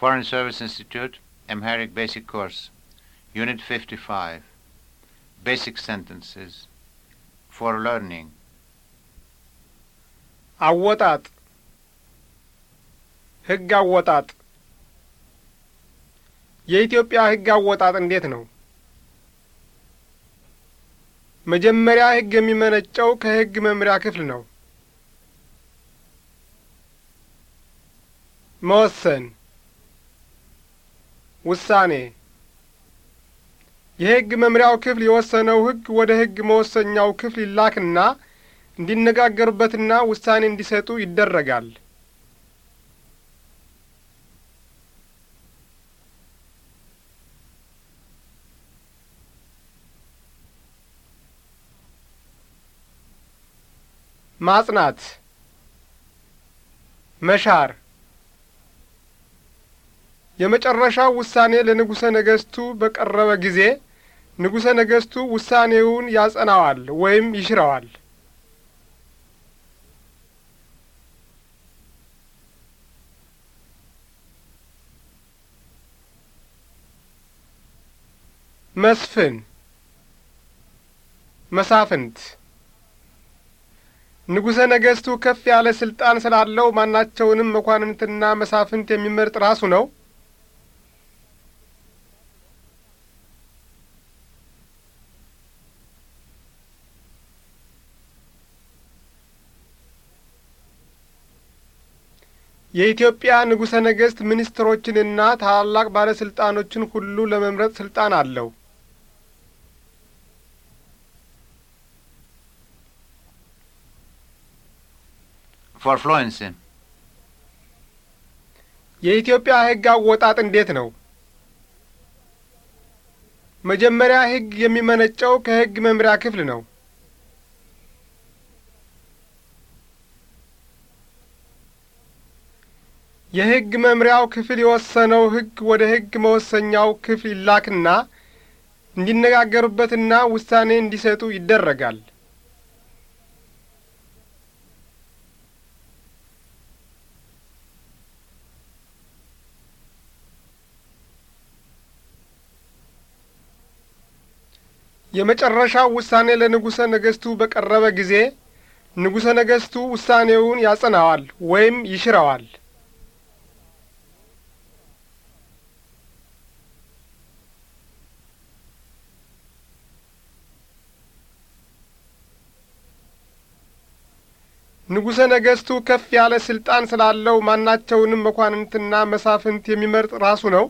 Foreign Service Institute, Amharic Basic Course, Unit 55, Basic Sentences, for Learning. አወጣጥ ሕግ አወጣጥ የኢትዮጵያ ሕግ አወጣጥ እንዴት ነው? መጀመሪያ ሕግ የሚመነጨው ከሕግ መምሪያ ክፍል ነው። መወሰን ውሳኔ የሕግ መምሪያው ክፍል የወሰነው ሕግ ወደ ሕግ መወሰኛው ክፍል ይላክና እንዲነጋገሩበትና ውሳኔ እንዲሰጡ ይደረጋል። ማጽናት መሻር የመጨረሻው ውሳኔ ለንጉሠ ነገሥቱ በቀረበ ጊዜ ንጉሠ ነገሥቱ ውሳኔውን ያጸናዋል ወይም ይሽረዋል። መስፍን መሳፍንት ንጉሠ ነገሥቱ ከፍ ያለ ሥልጣን ስላለው ማናቸውንም መኳንንትና መሳፍንት የሚመርጥ ራሱ ነው። የኢትዮጵያ ንጉሠ ነገሥት ሚኒስትሮችንና ታላላቅ ባለሥልጣኖችን ሁሉ ለመምረጥ ሥልጣን አለው። የኢትዮጵያ ሕግ አወጣጥ እንዴት ነው? መጀመሪያ ሕግ የሚመነጨው ከሕግ መምሪያ ክፍል ነው። የሕግ መምሪያው ክፍል የወሰነው ሕግ ወደ ሕግ መወሰኛው ክፍል ይላክና እንዲነጋገሩበትና ውሳኔ እንዲሰጡ ይደረጋል። የመጨረሻው ውሳኔ ለንጉሠ ነገሥቱ በቀረበ ጊዜ ንጉሠ ነገሥቱ ውሳኔውን ያጸናዋል ወይም ይሽረዋል። ንጉሠ ነገሥቱ ከፍ ያለ ሥልጣን ስላለው ማናቸውንም መኳንንትና መሳፍንት የሚመርጥ ራሱ ነው?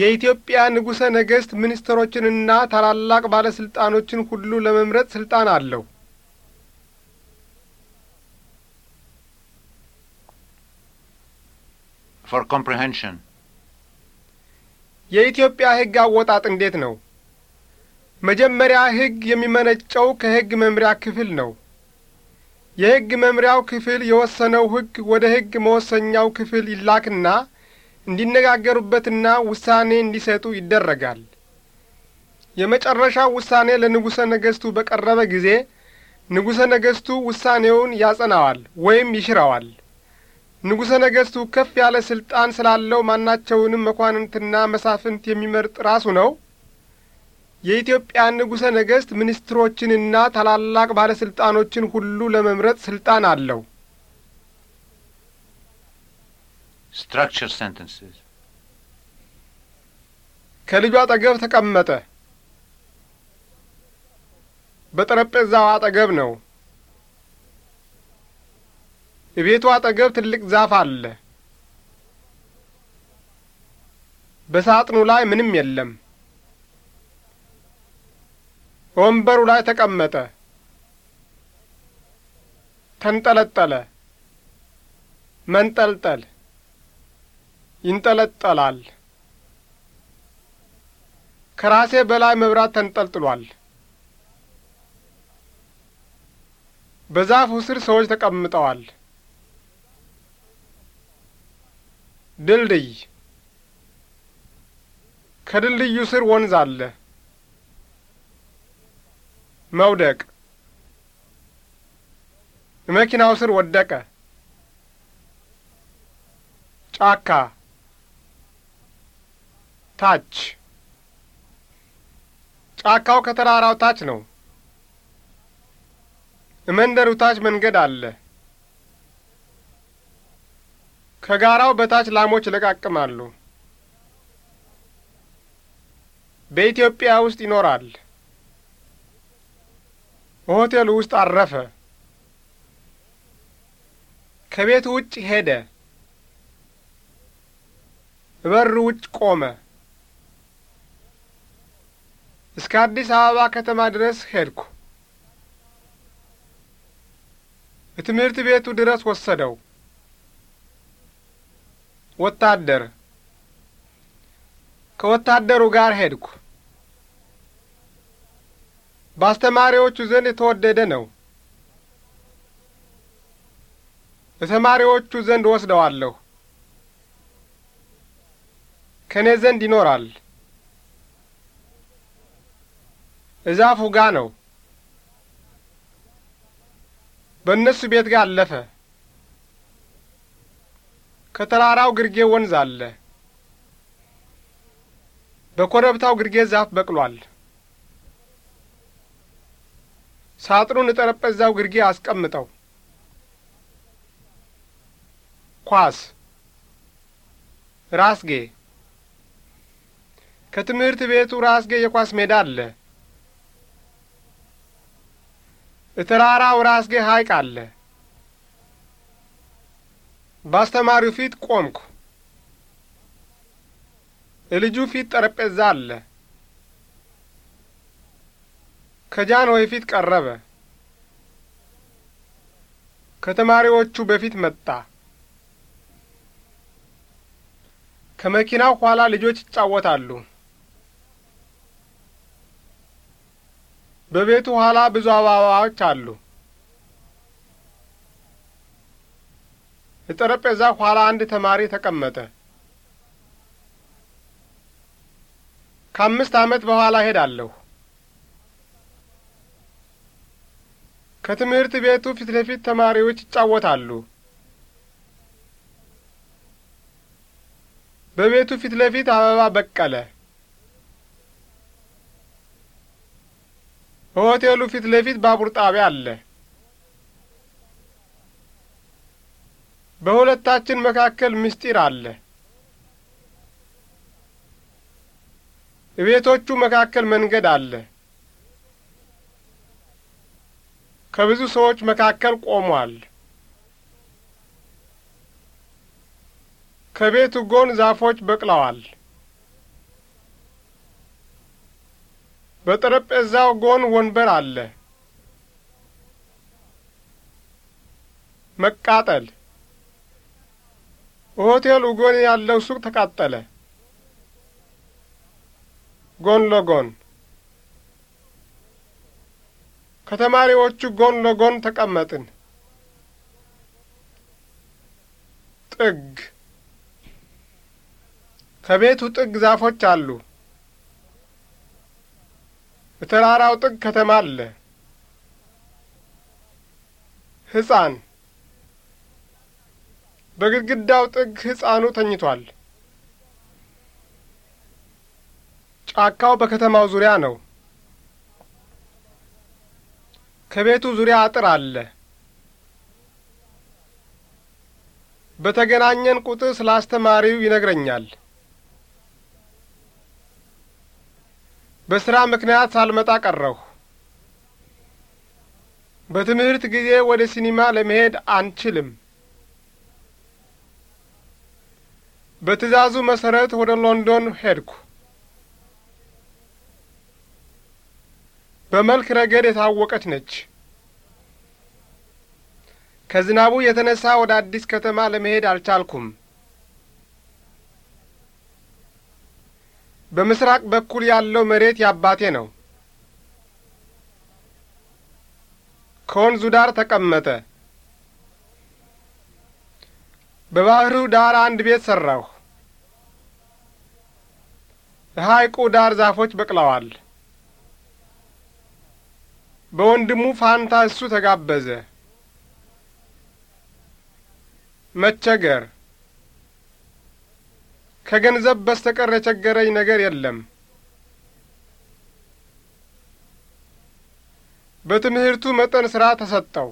የኢትዮጵያ ንጉሠ ነገሥት ሚኒስትሮችንና ታላላቅ ባለሥልጣኖችን ሁሉ ለመምረጥ ሥልጣን አለው። For comprehension. የኢትዮጵያ ሕግ አወጣጥ እንዴት ነው? መጀመሪያ ሕግ የሚመነጨው ከሕግ መምሪያ ክፍል ነው። የሕግ መምሪያው ክፍል የወሰነው ሕግ ወደ ሕግ መወሰኛው ክፍል ይላክና እንዲነጋገሩበትና ውሳኔ እንዲሰጡ ይደረጋል። የመጨረሻው ውሳኔ ለንጉሠ ነገሥቱ በቀረበ ጊዜ ንጉሠ ነገሥቱ ውሳኔውን ያጸናዋል ወይም ይሽረዋል። ንጉሠ ነገሥቱ ከፍ ያለ ሥልጣን ስላለው ማናቸውንም መኳንንትና መሳፍንት የሚመርጥ ራሱ ነው። የኢትዮጵያ ንጉሠ ነገሥት ሚኒስትሮችንና ታላላቅ ባለሥልጣኖችን ሁሉ ለመምረጥ ሥልጣን አለው። ስትራክቸር ሴንተንስስ ከልጁ አጠገብ ተቀመጠ። በጠረጴዛው አጠገብ ነው። የቤቱ አጠገብ ትልቅ ዛፍ አለ። በሳጥኑ ላይ ምንም የለም። ወንበሩ ላይ ተቀመጠ። ተንጠለጠለ፣ መንጠልጠል፣ ይንጠለጠላል። ከራሴ በላይ መብራት ተንጠልጥሏል። በዛፉ ስር ሰዎች ተቀምጠዋል። ድልድይ ከድልድዩ ስር ወንዝ አለ። መውደቅ የመኪናው ስር ወደቀ። ጫካ ታች ጫካው ከተራራው ታች ነው። የመንደሩ ታች መንገድ አለ። ከጋራው በታች ላሞች ይለቃቅማሉ። በኢትዮጵያ ውስጥ ይኖራል። በሆቴሉ ውስጥ አረፈ። ከቤት ውጭ ሄደ። በሩ ውጭ ቆመ። እስከ አዲስ አበባ ከተማ ድረስ ሄድኩ። በትምህርት ቤቱ ድረስ ወሰደው። ወታደር ከወታደሩ ጋር ሄድኩ። በአስተማሪዎቹ ዘንድ የተወደደ ነው። በተማሪዎቹ ዘንድ ወስደዋለሁ። ከእኔ ዘንድ ይኖራል። እዛፉ ጋ ነው። በእነሱ ቤት ጋር አለፈ። ከተራራው ግርጌ ወንዝ አለ። በኮረብታው ግርጌ ዛፍ በቅሏል። ሳጥኑን ጠረጴዛው ግርጌ አስቀምጠው። ኳስ ራስጌ ከትምህርት ቤቱ ራስጌ የኳስ ሜዳ አለ። እተራራው ራስጌ ሐይቅ አለ። በአስተማሪው ፊት ቆምኩ። የልጁ ፊት ጠረጴዛ አለ። ከጃንሆይ ፊት ቀረበ። ከተማሪዎቹ በፊት መጣ። ከመኪናው ኋላ ልጆች ይጫወታሉ። በቤቱ ኋላ ብዙ አበባዎች አሉ። የጠረጴዛ ኋላ አንድ ተማሪ ተቀመጠ። ከአምስት ዓመት በኋላ እሄዳለሁ። ከትምህርት ቤቱ ፊት ለፊት ተማሪዎች ይጫወታሉ። በቤቱ ፊት ለፊት አበባ በቀለ። በሆቴሉ ፊት ለፊት ባቡር ጣቢያ አለ። በሁለታችን መካከል ምስጢር አለ። እቤቶቹ መካከል መንገድ አለ። ከብዙ ሰዎች መካከል ቆሟል። ከቤቱ ጎን ዛፎች በቅለዋል። በጠረጴዛው ጎን ወንበር አለ። መቃጠል ሆቴሉ ጎን ያለው ሱቅ ተቃጠለ። ጎን ለጎን ከተማሪዎቹ ጎን ለጎን ተቀመጥን። ጥግ ከቤቱ ጥግ ዛፎች አሉ። በተራራው ጥግ ከተማ አለ። ሕፃን በግድግዳው ጥግ ሕፃኑ ተኝቷል። ጫካው በከተማው ዙሪያ ነው። ከቤቱ ዙሪያ አጥር አለ። በተገናኘን ቁጥር ስለ አስተማሪው ይነግረኛል። በሥራ ምክንያት ሳልመጣ ቀረሁ። በትምህርት ጊዜ ወደ ሲኒማ ለመሄድ አንችልም። በትዕዛዙ መሰረት ወደ ሎንዶን ሄድኩ። በመልክ ረገድ የታወቀች ነች። ከዝናቡ የተነሳ ወደ አዲስ ከተማ ለመሄድ አልቻልኩም። በምስራቅ በኩል ያለው መሬት ያባቴ ነው። ከወንዙ ዳር ተቀመጠ። በባህሩ ዳር አንድ ቤት ሠራሁ። የሐይቁ ዳር ዛፎች በቅለዋል። በወንድሙ ፋንታ እሱ ተጋበዘ። መቸገር ከገንዘብ በስተቀር የቸገረኝ ነገር የለም። በትምህርቱ መጠን ሥራ ተሰጠው።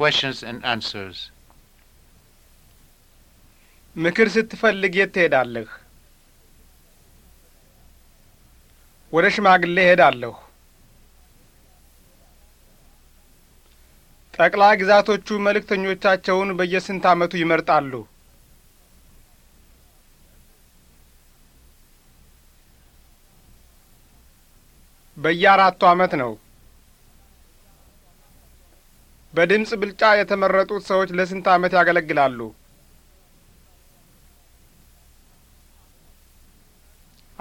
Questions and answers ምክር ስትፈልግ የት ትሄዳለህ? ወደ ሽማግሌ እሄዳለሁ። ጠቅላይ ግዛቶቹ መልእክተኞቻቸውን በየስንት ዓመቱ ይመርጣሉ? በየአራቱ ዓመት ነው። በድምፅ ብልጫ የተመረጡት ሰዎች ለስንት ዓመት ያገለግላሉ?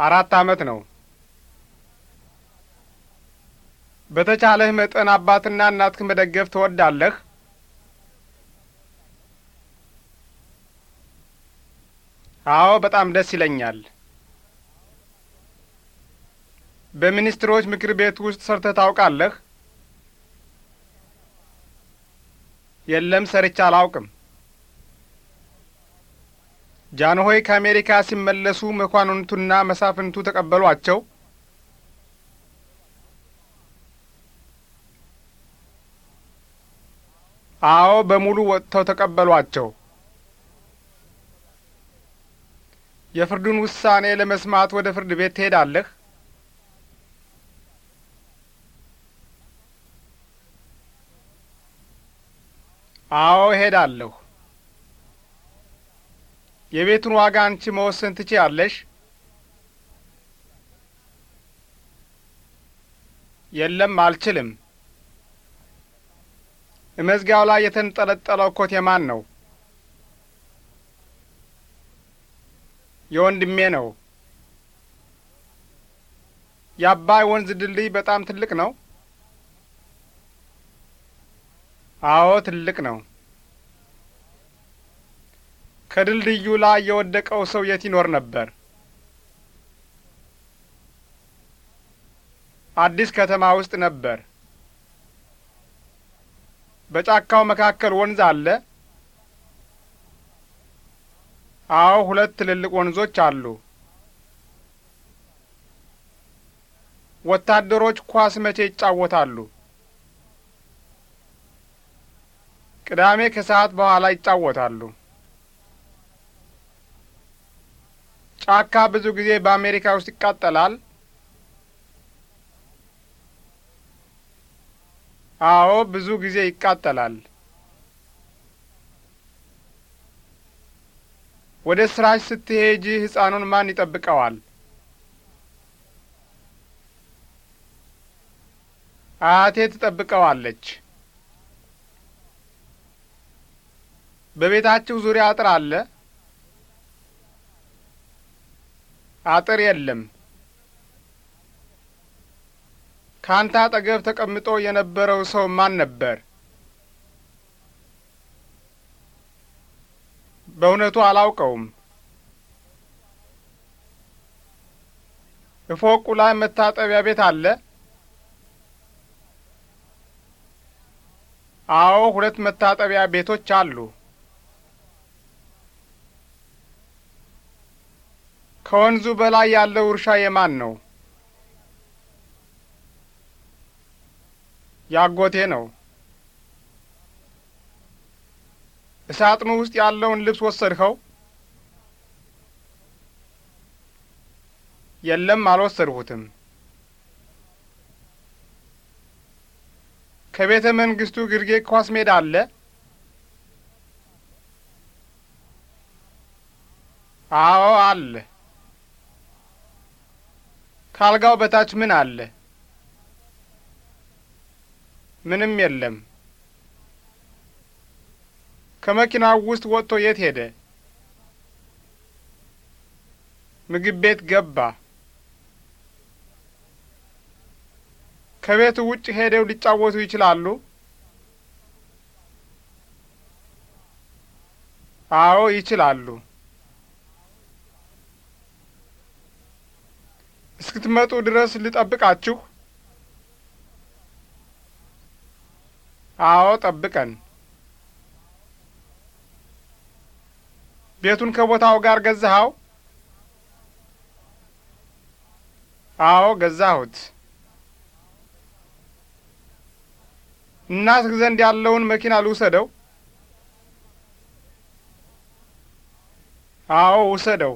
አራት ዓመት ነው። በተቻለህ መጠን አባትና እናትህ መደገፍ ትወዳለህ? አዎ፣ በጣም ደስ ይለኛል። በሚኒስትሮች ምክር ቤት ውስጥ ሰርተህ ታውቃለህ? የለም፣ ሰርቼ አላውቅም። ጃንሆይ ከአሜሪካ ሲመለሱ መኳንንቱና መሳፍንቱ ተቀበሏቸው? አዎ፣ በሙሉ ወጥተው ተቀበሏቸው። የፍርዱን ውሳኔ ለመስማት ወደ ፍርድ ቤት ትሄዳለህ? አዎ፣ እሄዳለሁ። የቤቱን ዋጋ አንቺ መወሰን ትችያለሽ? የለም፣ አልችልም። እመዝጋው ላይ የተንጠለጠለው ኮት የማን ነው? የወንድሜ ነው። የአባይ ወንዝ ድልድይ በጣም ትልቅ ነው። አዎ፣ ትልቅ ነው። ከድልድዩ ላይ የወደቀው ሰው የት ይኖር ነበር? አዲስ ከተማ ውስጥ ነበር። በጫካው መካከል ወንዝ አለ? አዎ፣ ሁለት ትልልቅ ወንዞች አሉ። ወታደሮች ኳስ መቼ ይጫወታሉ? ቅዳሜ ከሰዓት በኋላ ይጫወታሉ። ጫካ ብዙ ጊዜ በአሜሪካ ውስጥ ይቃጠላል? አዎ፣ ብዙ ጊዜ ይቃጠላል። ወደ ስራሽ ስትሄጂ ሕፃኑን ማን ይጠብቀዋል? አያቴ ትጠብቀዋለች። በቤታችሁ ዙሪያ አጥር አለ? አጥር የለም። ካንተ አጠገብ ተቀምጦ የነበረው ሰው ማን ነበር? በእውነቱ አላውቀውም። እፎቁ ላይ መታጠቢያ ቤት አለ? አዎ፣ ሁለት መታጠቢያ ቤቶች አሉ። ከወንዙ በላይ ያለው እርሻ የማን ነው? ያጎቴ ነው። እሳጥኑ ውስጥ ያለውን ልብስ ወሰድኸው? የለም፣ አልወሰድሁትም። ከቤተ መንግስቱ ግርጌ ኳስ ሜዳ አለ? አዎ አለ። ከአልጋው በታች ምን አለ? ምንም የለም። ከመኪናው ውስጥ ወጥቶ የት ሄደ? ምግብ ቤት ገባ። ከቤቱ ውጭ ሄደው ሊጫወቱ ይችላሉ? አዎ ይችላሉ። እስክትመጡ ድረስ ልጠብቃችሁ? አዎ፣ ጠብቀን። ቤቱን ከቦታው ጋር ገዛኸው? አዎ፣ ገዛሁት። እናትህ ዘንድ ያለውን መኪና ልውሰደው? አዎ፣ ውሰደው።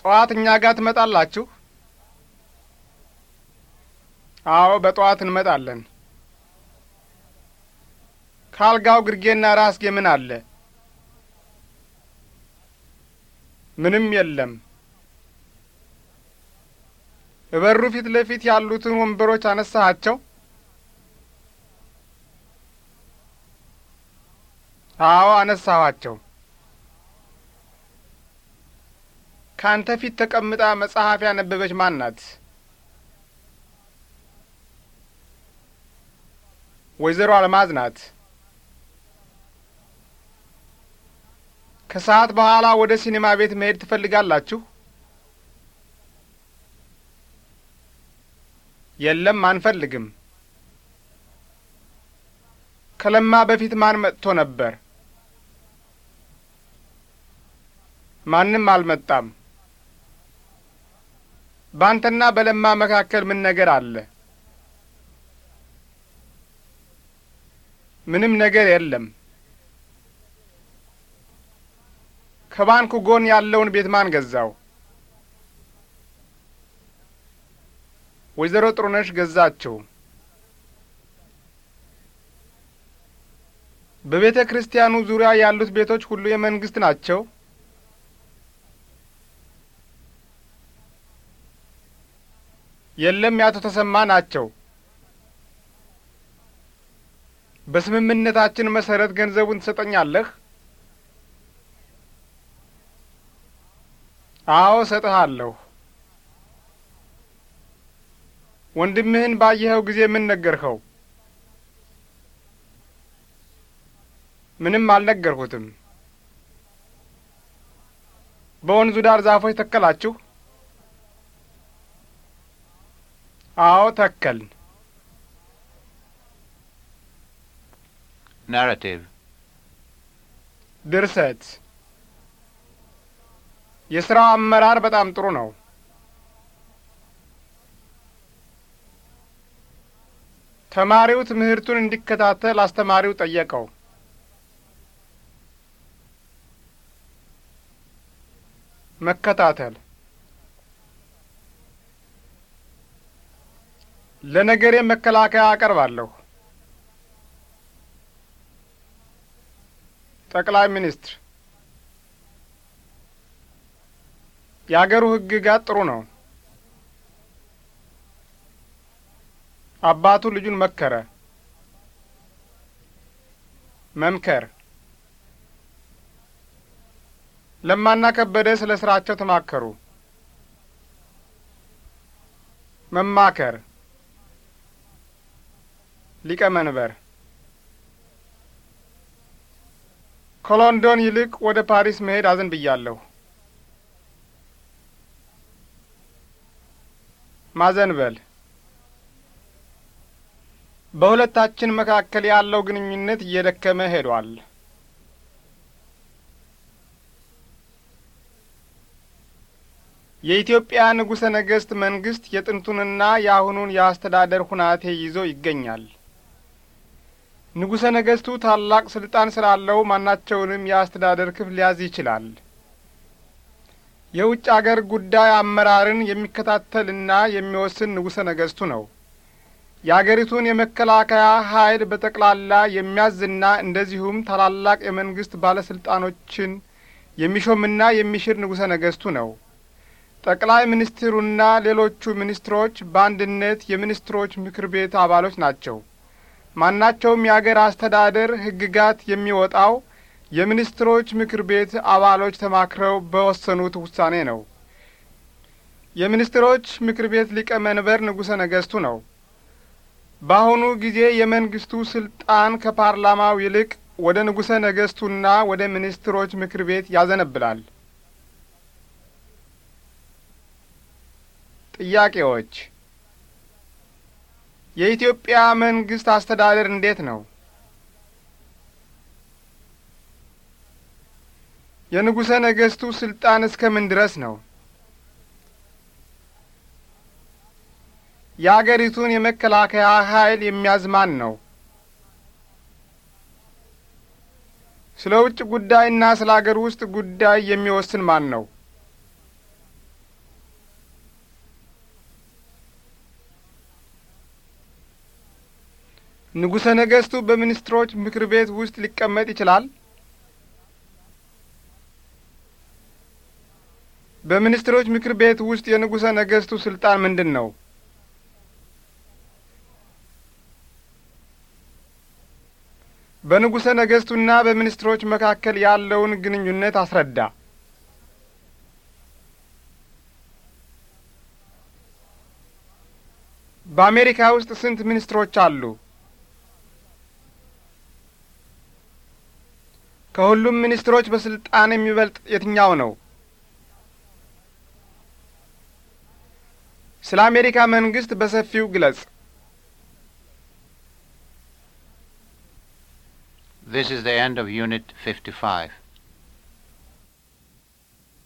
ጠዋት እኛ ጋር ትመጣላችሁ? አዎ፣ በጠዋት እንመጣለን። ካልጋው ግርጌና ራስጌ ምን አለ? ምንም የለም። እበሩ ፊት ለፊት ያሉትን ወንበሮች አነሳሃቸው? አዎ፣ አነሳኋቸው። ከአንተ ፊት ተቀምጣ መጽሐፍ ያነበበች ማን ናት? ወይዘሮ አልማዝ ናት። ከሰዓት በኋላ ወደ ሲኔማ ቤት መሄድ ትፈልጋላችሁ? የለም፣ አንፈልግም። ከለማ በፊት ማን መጥቶ ነበር? ማንም አልመጣም። ባንተና በለማ መካከል ምን ነገር አለ? ምንም ነገር የለም። ከባንኩ ጎን ያለውን ቤት ማን ገዛው? ወይዘሮ ጥሩነሽ ገዛችው። በቤተ ክርስቲያኑ ዙሪያ ያሉት ቤቶች ሁሉ የመንግስት ናቸው? የለም የአቶ ተሰማ ናቸው። በስምምነታችን መሰረት ገንዘቡን ትሰጠኛለህ? አዎ እሰጥሃለሁ። ወንድምህን ባየኸው ጊዜ ምን ነገርኸው? ምንም አልነገርሁትም። በወንዙ ዳር ዛፎች ተከላችሁ? አዎ ተከልን። ናራቲቭ ድርሰት የስራው አመራር በጣም ጥሩ ነው። ተማሪው ትምህርቱን እንዲከታተል አስተማሪው ጠየቀው። መከታተል ለነገሬ መከላከያ አቀርባለሁ። ጠቅላይ ሚኒስትር የአገሩ ሕግጋት ጥሩ ነው። አባቱ ልጁን መከረ። መምከር ለማና ከበደ ስለ ስራቸው ተማከሩ። መማከር ሊቀመንበር ከሎንዶን ይልቅ ወደ ፓሪስ መሄድ አዘንብያለሁ። ማዘንበል በሁለታችን መካከል ያለው ግንኙነት እየደከመ ሄዷል። የኢትዮጵያ ንጉሠ ነገሥት መንግሥት የጥንቱንና የአሁኑን የአስተዳደር ሁናቴ ይዞ ይገኛል። ንጉሠ ነገሥቱ ታላቅ ስልጣን ስላለው ማናቸውንም የአስተዳደር ክፍል ሊያዝ ይችላል። የውጭ አገር ጉዳይ አመራርን የሚከታተልና የሚወስን ንጉሠ ነገሥቱ ነው። የአገሪቱን የመከላከያ ኃይል በጠቅላላ የሚያዝና እንደዚሁም ታላላቅ የመንግስት ባለስልጣኖችን የሚሾምና የሚሽር ንጉሠ ነገሥቱ ነው። ጠቅላይ ሚኒስትሩና ሌሎቹ ሚኒስትሮች በአንድነት የሚኒስትሮች ምክር ቤት አባሎች ናቸው። ማናቸውም የአገር አስተዳደር ሕግጋት የሚወጣው የሚኒስትሮች ምክር ቤት አባሎች ተማክረው በወሰኑት ውሳኔ ነው። የሚኒስትሮች ምክር ቤት ሊቀመንበር ንጉሠ ነገሥቱ ነው። በአሁኑ ጊዜ የመንግስቱ ስልጣን ከፓርላማው ይልቅ ወደ ንጉሠ ነገሥቱና ወደ ሚኒስትሮች ምክር ቤት ያዘነብላል። ጥያቄዎች የኢትዮጵያ መንግስት አስተዳደር እንዴት ነው? የንጉሠ ነገሥቱ ስልጣን እስከ ምን ድረስ ነው? የአገሪቱን የመከላከያ ኃይል የሚያዝማን ነው? ስለ ውጭ ጉዳይና ስለ አገር ውስጥ ጉዳይ የሚወስን ማን ነው? ንጉሠ ነገሥቱ በሚኒስትሮች ምክር ቤት ውስጥ ሊቀመጥ ይችላል? በሚኒስትሮች ምክር ቤት ውስጥ የንጉሠ ነገሥቱ ስልጣን ምንድን ነው? በንጉሠ ነገሥቱና በሚኒስትሮች መካከል ያለውን ግንኙነት አስረዳ። በአሜሪካ ውስጥ ስንት ሚኒስትሮች አሉ? ከሁሉም ሚኒስትሮች በስልጣን የሚበልጥ የትኛው ነው? ስለ አሜሪካ መንግስት በሰፊው ግለጽ። This is the end of Unit 55.